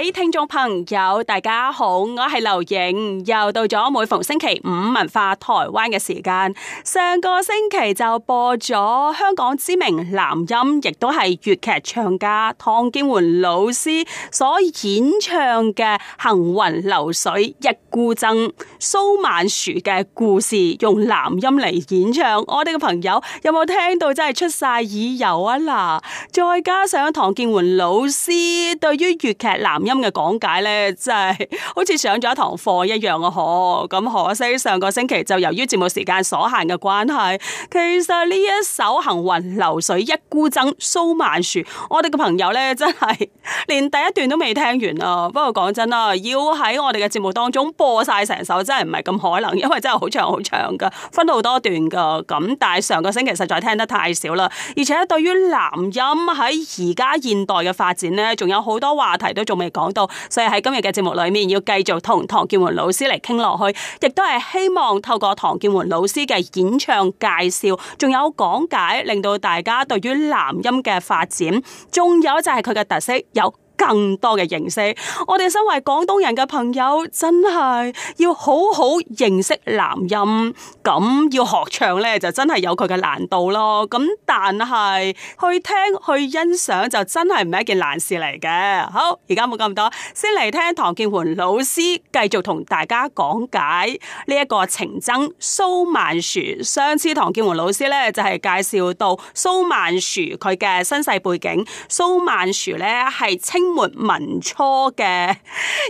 位聽眾朋友，大家好，我係劉影，又到咗每逢星期五文化台灣嘅時間。上個星期就播咗香港知名南音，亦都係粵劇唱家唐健垣老師所演唱嘅《行雲流水》一。孤僧蘇曼殊嘅故事，用南音嚟演唱，我哋嘅朋友有冇聽到？真係出晒耳油啊啦！再加上唐健垣老師對於粵劇南音嘅講解呢，真係好似上咗一堂課一樣啊！嗬，咁可惜，上個星期就由於節目時間所限嘅關係，其實呢一首《行雲流水一孤僧蘇曼殊》，我哋嘅朋友呢真係連第一段都未聽完啊！不過講真啦，要喺我哋嘅節目當中。播晒成首真係唔係咁可能，因為真係好長好長噶，分好多段噶。咁但係上個星期實在聽得太少啦，而且對於南音喺而家現代嘅發展咧，仲有好多話題都仲未講到，所以喺今日嘅節目裏面要繼續同唐健垣老師嚟傾落去，亦都係希望透過唐健垣老師嘅演唱介紹，仲有講解，令到大家對於南音嘅發展，仲有就係佢嘅特色有更多嘅認識，我哋身為廣東人嘅朋友，真係要好好認識南音。咁要學唱咧，就真係有佢嘅難度咯。咁但係去聽去欣賞，就真係唔係一件難事嚟嘅。好，而家冇咁多，先嚟聽唐健垣老師繼續同大家講解呢一個情僧蘇曼殊。上次唐健垣老師咧就係介紹到蘇曼殊佢嘅身世背景。蘇曼殊咧係清末民初嘅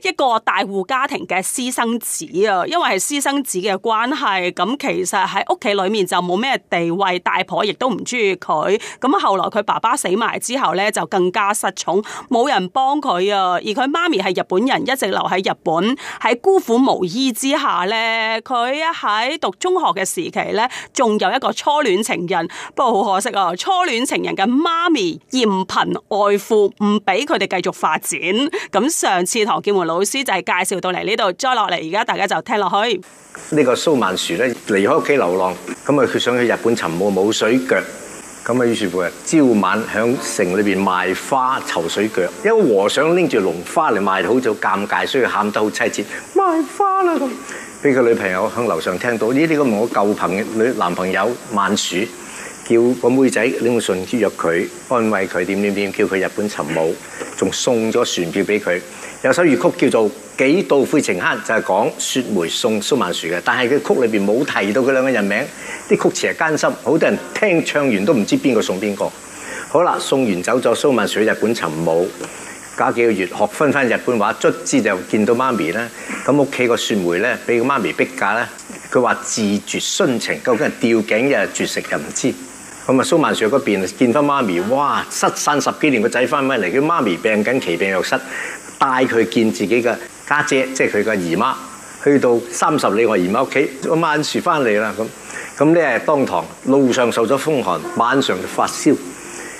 一個大戶家庭嘅私生子啊，因為係私生子嘅關係，咁其實喺屋企裏面就冇咩地位，大婆亦都唔中意佢。咁後來佢爸爸死埋之後咧，就更加失寵，冇人幫佢啊。而佢媽咪係日本人，一直留喺日本，喺孤苦無依之下咧，佢啊喺讀中學嘅時期咧，仲有一個初戀情人，不過好可惜啊，初戀情人嘅媽咪嫌貧愛富，唔俾佢哋繼續。發展。咁上次唐建和老師就係介紹到嚟呢度，再落嚟而家大家就聽落去。呢個蘇曼殊咧離開屋企流浪，咁啊佢想去日本尋母冇水腳，咁啊於是乎啊，朝晚響城裏邊賣花籌水腳，一個和尚拎住籠花嚟賣，好就尷尬，所以喊得好凄切，賣花啦咁。俾個女朋友響樓上聽到，咦呢個咪我舊朋友男男朋友曼殊。叫個妹仔拎個信貼約佢，安慰佢點點點，叫佢日本尋母，仲送咗船票俾佢。有首粵曲叫做《幾度悔情黑》，就係、是、講雪梅送蘇曼殊嘅，但係佢曲裏面冇提到佢兩個人名，啲曲詞係艱辛，好多人聽唱完都唔知邊個送邊個。好啦，送完走咗，蘇曼殊去日本尋母，隔幾個月學翻翻日本話，卒之就見到媽咪啦。咁屋企個雪梅咧，俾個媽咪逼嫁咧，佢話自絕殉情，究竟係吊頸嘅絕食又唔知。咁蘇曼殊嗰邊見到媽咪，哇！失散十幾年個仔翻返嚟，佢媽咪在病緊奇病藥失，帶佢見自己嘅家姐，姐，即係佢嘅姨媽，去到三十里外的姨媽屋企，蘇曼殊翻嚟啦咁，係當堂路上受咗風寒，晚上就發燒。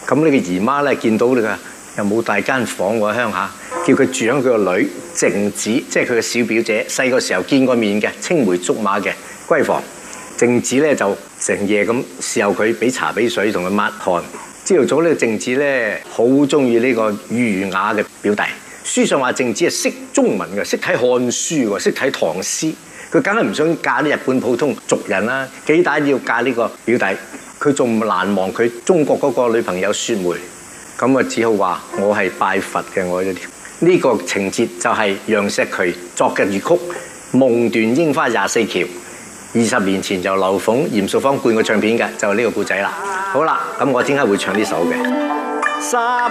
咁呢個姨媽咧見到呢個又冇大間房喎鄉下，叫佢住喺佢個女靜子，即係她的佢小表姐，細個時候見過面嘅青梅竹馬嘅閨房。靜子咧就成夜咁伺候佢，俾茶俾水，同佢抹汗。朝頭早咧，靜子咧好中意呢個儒雅嘅表弟。書上話靜子係識中文嘅，識睇漢書，識睇唐詩。佢梗係唔想嫁啲日本普通族人啦，幾大要嫁呢個表弟。佢仲難忘佢中國嗰個女朋友雪梅，咁啊只好話我係拜佛嘅我呢條。呢個情節就係楊石渠作嘅粵曲《夢斷櫻花廿四橋二十年前就劉鳳、嚴淑芳灌過唱片嘅，就係呢個故仔啦。好啦，咁我天黑會唱呢首嘅。三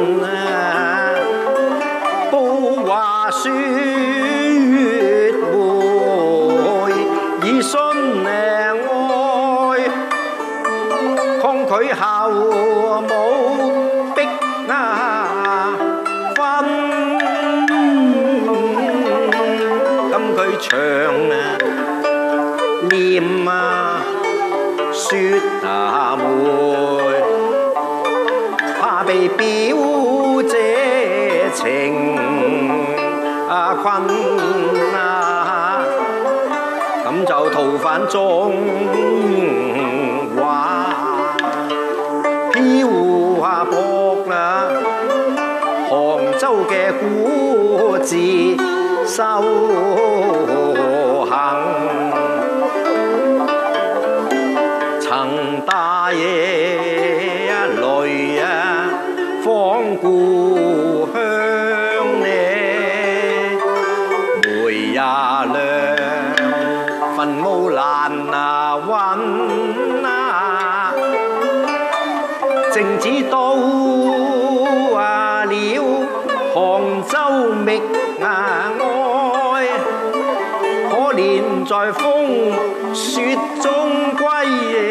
西湖啊，博啊，杭州嘅古字秀。在風雪中歸。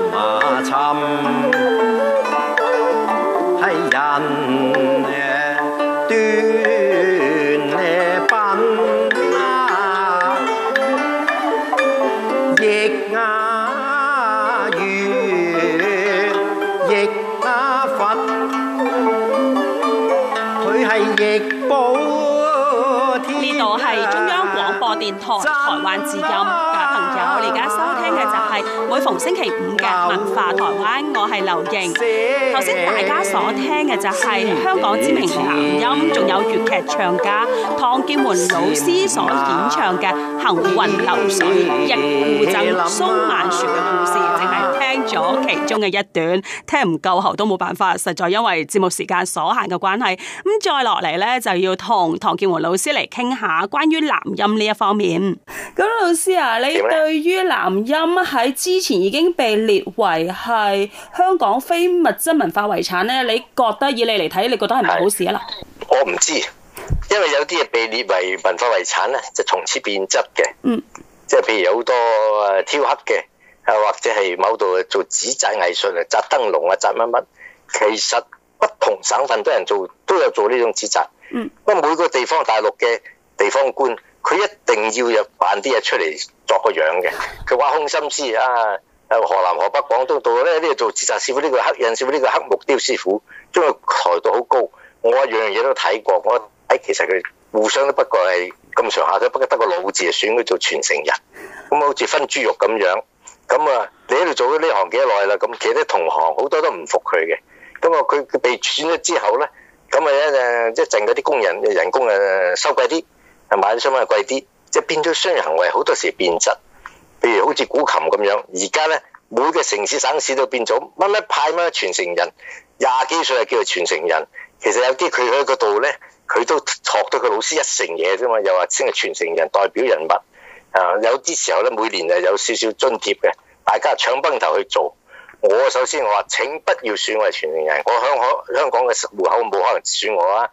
電台台灣之音嘅朋友，我哋而家收聽嘅就係每逢星期五嘅文化台灣，我係劉瑩。頭先大家所聽嘅就係、是、香港知名南音，仲有粵劇唱家唐建文老師所演唱嘅《行雲流水》，一孤僧蘇曼殊嘅故事。聽咗其中嘅一段，聽唔夠喉都冇辦法，實在因為節目時間所限嘅關係。咁再落嚟呢，就要同唐建宏老師嚟傾下關於南音呢一方面。咁老師啊，你對於南音喺之前已經被列為係香港非物質文化遺產呢？你覺得以你嚟睇，你覺得係唔係好事啊？嗱，我唔知，因為有啲嘢被列為文化遺產呢，就從此變質嘅。嗯，即係譬如好多誒挑黑嘅。啊，或者係某度做紙紮藝術啊，紮燈籠啊，紮乜乜。其實不同省份都有人做，都有做呢種紙紮。嗯。乜每個地方大陸嘅地方官，佢一定要有辦啲嘢出嚟作個樣嘅。佢挖空心思啊，喺河南、河北、廣東度咧，有啲、這個、做紙紮師傅，呢個黑印師傅，呢個黑木雕師傅，因為抬度好高，我一樣樣嘢都睇過。我睇其實佢互相都不過係咁上下都不，不得過得個老字啊，選佢做傳承人。咁好似分豬肉咁樣。咁啊，你喺度做咗呢行幾耐啦？咁其他同行好多都唔服佢嘅。咁啊，佢被選咗之後咧，咁啊，一陣即係淨嗰啲工人人工啊收貴啲，啊買啲商品貴啲，即係變咗商業行為，好多時變質。譬如好似古琴咁樣，而家咧每個城市省市都變咗，乜乜派乜傳承人，廿幾歲啊叫做傳承人，其實有啲佢喺嗰度咧，佢都學到佢老師一成嘢啫嘛，又話先係傳承人代表人物？啊！有啲時候咧，每年誒有少少津貼嘅，大家搶崩頭去做。我首先我話：請不要選為全名人，我香香港嘅戶口冇可能選我啊！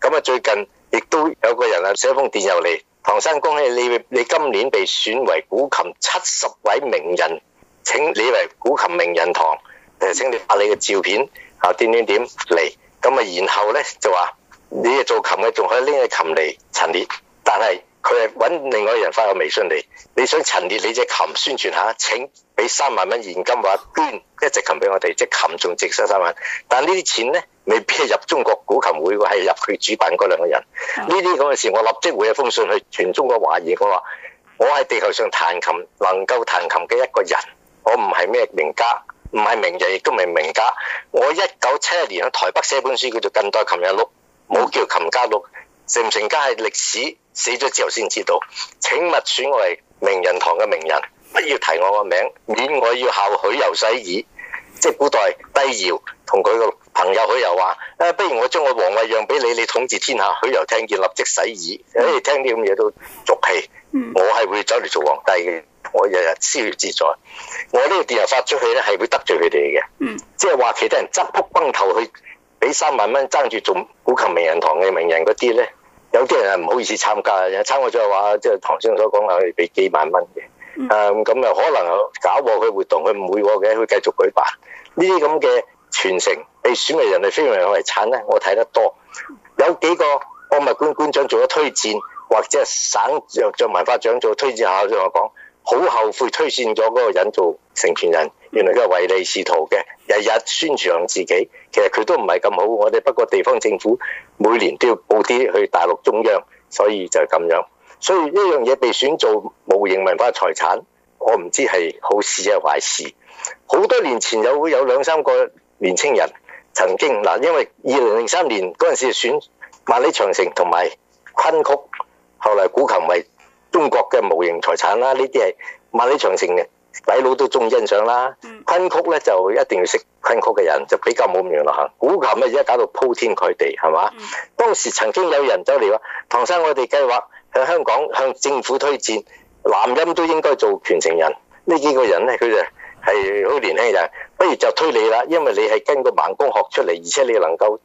咁啊，最近亦都有個人啊寫封電郵嚟，唐生恭喜你！你今年被選為古琴七十位名人，請你嚟古琴名人堂誒，請你發你嘅照片啊點點點嚟。咁啊，然後咧就話你做琴嘅，仲可以拎起琴嚟陳列，但係。佢係揾另外一個人發個微信嚟，你想陳列你隻琴宣傳下？請俾三萬蚊現金或捐一隻琴俾我哋，即琴仲值三三萬。但係呢啲錢咧，未必係入中國古琴會，係入佢主辦嗰兩個人。呢啲咁嘅事，我立即會有封信去全中國華人，我話：我係地球上彈琴能夠彈琴嘅一個人，我唔係咩名家，唔係名人亦都唔係名家。我一九七一年喺台北寫本書叫做《近代琴人錄》，冇叫《琴家錄》。成唔成家係歷史死咗之後先知道，請勿選我為名人堂嘅名人，不要提我個名，免我要效許由洗耳。即係古代帝堯同佢個朋友許由話：誒、哎，不如我將我皇位讓俾你，你統治天下。許由聽見立即洗耳。誒、mm-hmm.，聽啲咁嘢都俗氣。我係會走嚟做皇帝嘅，我日日逍遙自在。我呢個電郵發出去咧，係會得罪佢哋嘅。嗯。即係話，其他人執扑崩頭去。俾三萬蚊爭住做古琴名人堂嘅名人嗰啲咧，有啲人係唔好意思參加，又參加咗話，即係唐先生所講係俾幾萬蚊嘅、嗯。誒咁又可能搞過佢活動他不會的，佢唔會嘅，佢繼續舉辦呢啲咁嘅傳承被選為人類人哋非遺遺產咧，我睇得多，有幾個博物館館長做咗推薦，或者省入文化獎做推薦下，我講好後悔推薦咗嗰個人做承傳人。原來都係唯利是圖嘅，日日宣傳自己，其實佢都唔係咁好。我哋不過地方政府每年都要報啲去大陸中央，所以就咁樣。所以呢樣嘢被選做無形文化財產，我唔知係好事啊壞事。好多年前有有兩三個年青人曾經嗱，因為二零零三年嗰陣時選萬里長城同埋昆曲，後來古琴為中國嘅無形財產啦。呢啲係萬里長城嘅。鬼佬都中意欣賞啦，昆曲咧就一定要識昆曲嘅人就比較冇咁流行，古琴啊而家搞到鋪天蓋地，係嘛？當時曾經有人走嚟話：唐生，我哋計劃向香港向政府推薦南音都應該做傳承人。呢幾個人咧，佢就係好年輕人，不如就推你啦，因為你係跟個盲公學出嚟，而且你能夠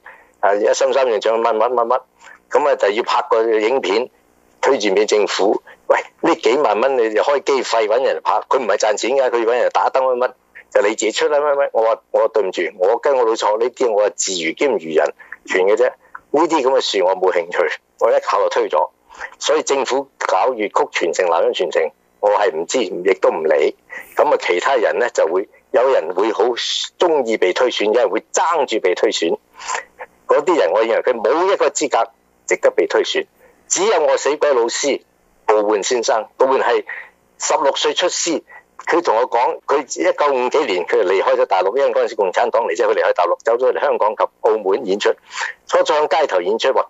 一心三用，唱乜乜乜乜，咁啊就要拍個影片。推住俾政府，喂！呢幾萬蚊你又開機費揾人拍，佢唔係賺錢㗎，佢揾人打燈乜乜，就你自己出啦乜乜。我話我話對唔住，我跟我老闆呢啲我係自娛兼娛人全嘅啫。呢啲咁嘅事我冇興趣，我一口就推咗。所以政府搞粵曲傳承、南音傳承，我係唔知亦都唔理。咁啊，其他人呢，就會有人會好中意被推選，有人會爭住被推選。嗰啲人我認為佢冇一個資格，值得被推選。只有我死鬼老師杜煥先生，杜煥係十六歲出師，佢同我講，佢一九五幾年佢就離開咗大陸，因為嗰陣時共產黨嚟之後，佢離開大陸，走咗嚟香港及澳門演出，初初喺街頭演出喎，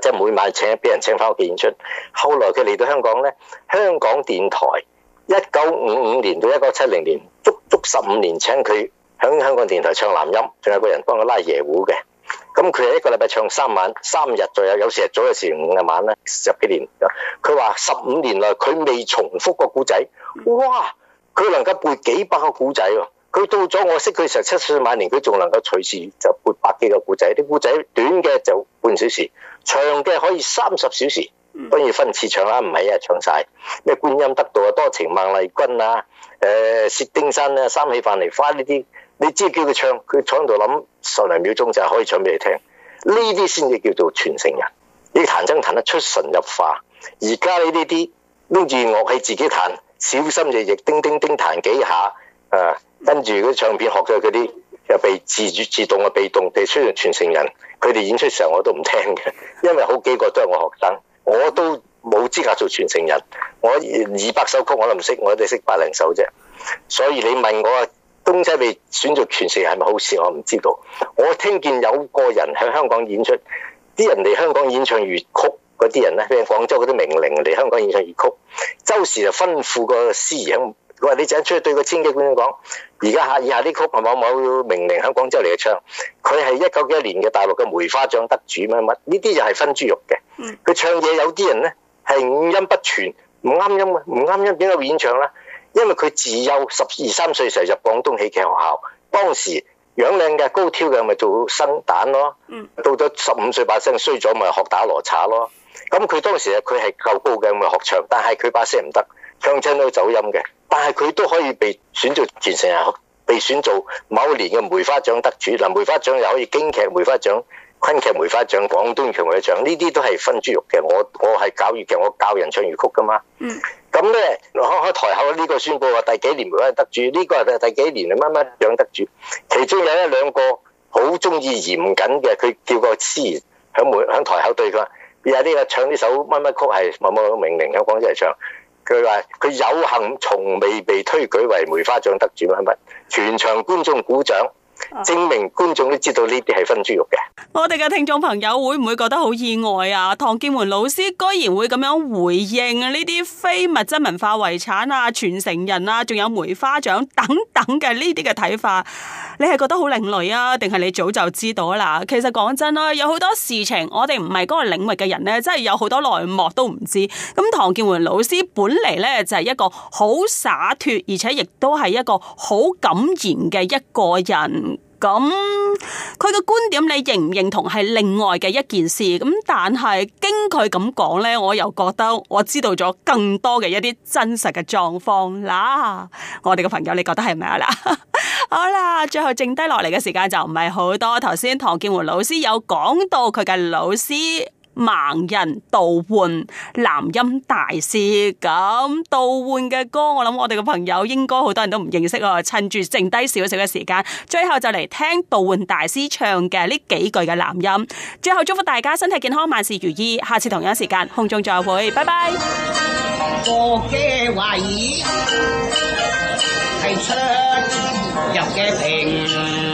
即係每晚請俾人請翻屋企演出。後來佢嚟到香港咧，香港電台一九五五年到一九七零年足足十五年請佢喺香港電台唱南音，仲有一個人幫佢拉椰胡嘅。咁佢一個禮拜唱三晚，三日就有，有時日早有時五啊晚啦。十幾年，佢話十五年內佢未重複過古仔，哇！佢能夠背幾百個古仔喎。佢到咗我識佢十七歲晚年，佢仲能夠隨時就背百幾個古仔。啲古仔短嘅就半小時，長嘅可以三十小時，都要分次唱啦。唔係一日唱晒咩？觀音得道啊，多情孟麗君啊，誒薛丁山啊，三氣樊梨花呢啲。你只係叫佢唱，佢坐喺度諗十零秒鐘就係可以唱俾你聽，呢啲先至叫做傳承人。你彈真彈得出神入化，而家呢啲啲拎住樂器自己彈，小心翼翼叮叮叮，叮彈幾下，啊，跟住啲唱片學咗嗰啲，又被自主自動嘅被動地出現傳承人。佢哋演出嘅時候我都唔聽嘅，因為好幾個都係我學生，我都冇資格做傳承人。我二百首曲我都唔識，我哋識百零首啫。所以你問我？東西被選做傳承係咪好事？我唔知道。我聽見有個人喺香港演出，啲人嚟香港演唱粵曲嗰啲人咧，譬如廣州嗰啲名伶嚟香港演唱粵曲，周時就吩咐個師爺佢話：你陣間出去對個千幾個觀眾講，而家下以下呢曲係某，某某名伶喺廣州嚟嘅唱，佢係一九幾年嘅大陸嘅梅花獎得主乜乜？呢啲就係分豬肉嘅。佢唱嘢有啲人咧係五音不全，唔啱音啊，唔啱音點解會演唱咧？因為佢自幼十二三歲時候入廣東戲劇學校，當時樣靚嘅高挑嘅咪做生旦咯。嗯。到咗十五歲把聲衰咗，咪學打羅茶咯。咁佢當時佢係夠高嘅，咪、就是、學唱，但係佢把聲唔得，唱親都走音嘅。但係佢都可以被選做傳承人，被選做某年嘅梅花獎得主。嗱，梅花獎又可以京劇梅花獎、昆劇梅花獎、廣東劇梅花獎，呢啲都係分豬肉嘅。我我係搞粵劇，我教人唱粵曲㗎嘛。嗯。咁咧，開開台口呢個宣布話第幾年梅花得主，呢、呢個係第第幾年乜乜獎得主？其中有一兩個好鍾意嚴謹嘅，佢叫個黐喺門喺台口對佢話：有啲啊唱啲首乜乜曲係某某名名喺廣州嚟唱。佢話：佢有幸從未被推舉為梅花獎得主係咪？全場觀眾鼓掌。證明觀眾都知道呢啲係分豬肉嘅、啊。我哋嘅聽眾朋友會唔會覺得好意外啊？唐健垣老師居然會咁樣回應呢啲非物質文化遺產啊、傳承人啊、仲有梅花獎等等嘅呢啲嘅睇法，你係覺得好另類啊，定係你早就知道啦？其實講真啦，有好多事情我哋唔係嗰個領域嘅人呢，真係有好多內幕都唔知。咁唐健垣老師本嚟呢，就係一個好灑脫，而且亦都係一個好感言嘅一個人。咁佢嘅觀點你認唔認同係另外嘅一件事咁，但係經佢咁講呢，我又覺得我知道咗更多嘅一啲真實嘅狀況啦。我哋嘅朋友，你覺得係咪啊啦？ 好啦，最後剩低落嚟，嘅時間就唔係好多。頭先唐建宏老師有講到佢嘅老師。盲人杜煥南音大師，咁杜煥嘅歌，我諗我哋嘅朋友應該好多人都唔認識啊！趁住剩低少少嘅時間，最後就嚟，聽杜煥大師唱嘅呢幾句嘅南音，最後祝福大家身體健康，萬事如意，下次同一時間空中再會，拜拜。嘅嘅疑唱入